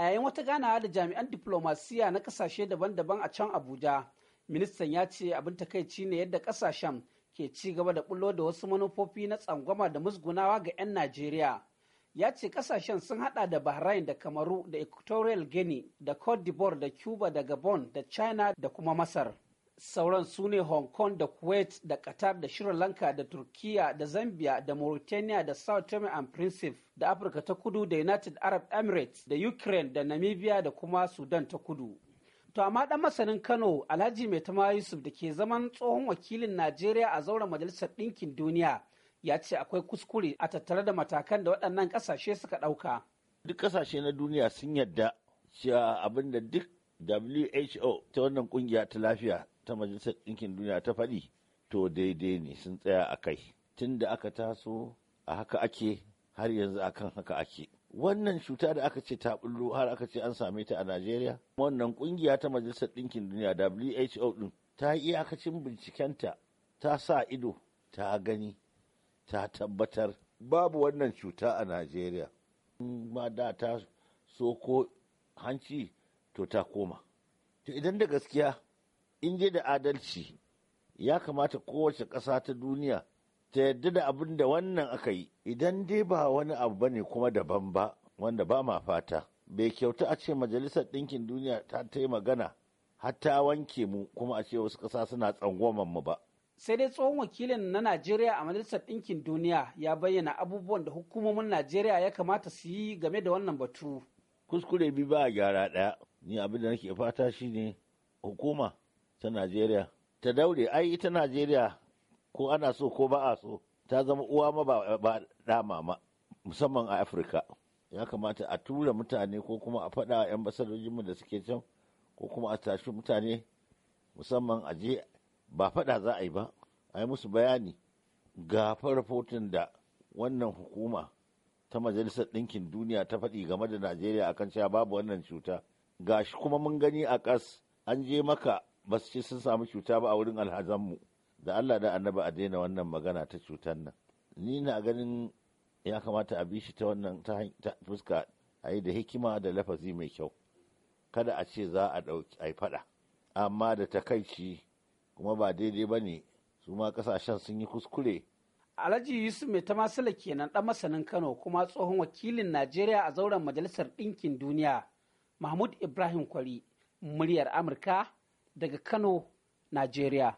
a yayin wata ganawa da jami'an diplomasiya na kasashe daban-daban a can abuja ministan ya ce abin takaici ne yadda kasashen ke ci gaba da bullo da wasu manufofi na tsangwama da musgunawa ga 'yan najeriya ya ce kasashen sun hada da bahrain da kamaru da equatorial guinea da cote d'ivoire da cuba da gabon da china da kuma masar sauran su ne hong kong da kuwait da qatar da sri lanka da turkiya da zambia da mauritania da south tome and principe da afirka ta kudu da united arab emirates da ukraine da namibia da kuma sudan ta kudu to amma dan masanin kano alhaji mai tama yusuf da ke zaman tsohon wakilin najeriya a zauren majalisar ɗinkin duniya ya ce akwai kuskure a tattare da matakan da waɗannan ƙasashe suka ɗauka duk ƙasashe na duniya sun yarda cewa abin da duk WHO ta wannan ƙungiya ta lafiya ta majalisar ɗinkin duniya ta faɗi to daidai ne sun tsaya a kai tun da aka taso a haka ake har yanzu akan haka ake wannan cuta da aka ce ta bullo har aka ce an same ta a najeriya wannan kungiya ta majalisar ɗinkin duniya who din ta yi iyakacin binciken ta ta sa ido ta gani ta tabbatar babu wannan cuta a najeriya ma da ta so ko hanci to ta koma to idan da gaskiya in je da adalci ya kamata kowace ƙasa ta duniya ta yadda da abin da wannan aka yi idan dai ba wani abu ba ne kuma daban ba wanda ba ma fata bai kyauta a ce majalisar ɗinkin duniya ta ta yi magana hatta wanke mu kuma a ce wasu ƙasa suna tsangwaman mu ba sai dai tsohon wakilin na najeriya a majalisar ɗinkin duniya ya bayyana abubuwan da hukumomin najeriya ya kamata su yi game da wannan batu kuskure biyu ba gyara ɗaya ni abin da nake fata shine hukuma ta Najeriya ta daure ai ita Najeriya ko ana so ko ba a so ta zama uwa ma ba da mama musamman a Afirka ya kamata a tura mutane ko kuma a faɗa 'yan basadojinmu da suke can ko kuma a tashi mutane musamman a je ba faɗa za a yi ba a yi musu bayani ga farfotin da wannan hukuma ta majalisar ɗinkin duniya ta faɗi game da najeriya akan cewa babu wannan cuta gashi kuma mun gani a ƙas an je maka ba su ce sun samu cuta ba a wurin alhazanmu da Allah da annaba a daina wannan magana ta cutar nan ni na ganin ya kamata a bi shi ta wannan ta fuska a yi da hikima da lafazi mai kyau kada a ce za a ɗauki a faɗa amma da takaici kuma ba daidai ba ne su ma ƙasashen sun yi kuskure Alhaji Yusuf mai ta masala kenan ɗan masanin Kano kuma tsohon wakilin Najeriya a zauren Majalisar Ɗinkin Duniya, Mahmud Ibrahim Kwari, muryar Amurka daga Kano, Najeriya.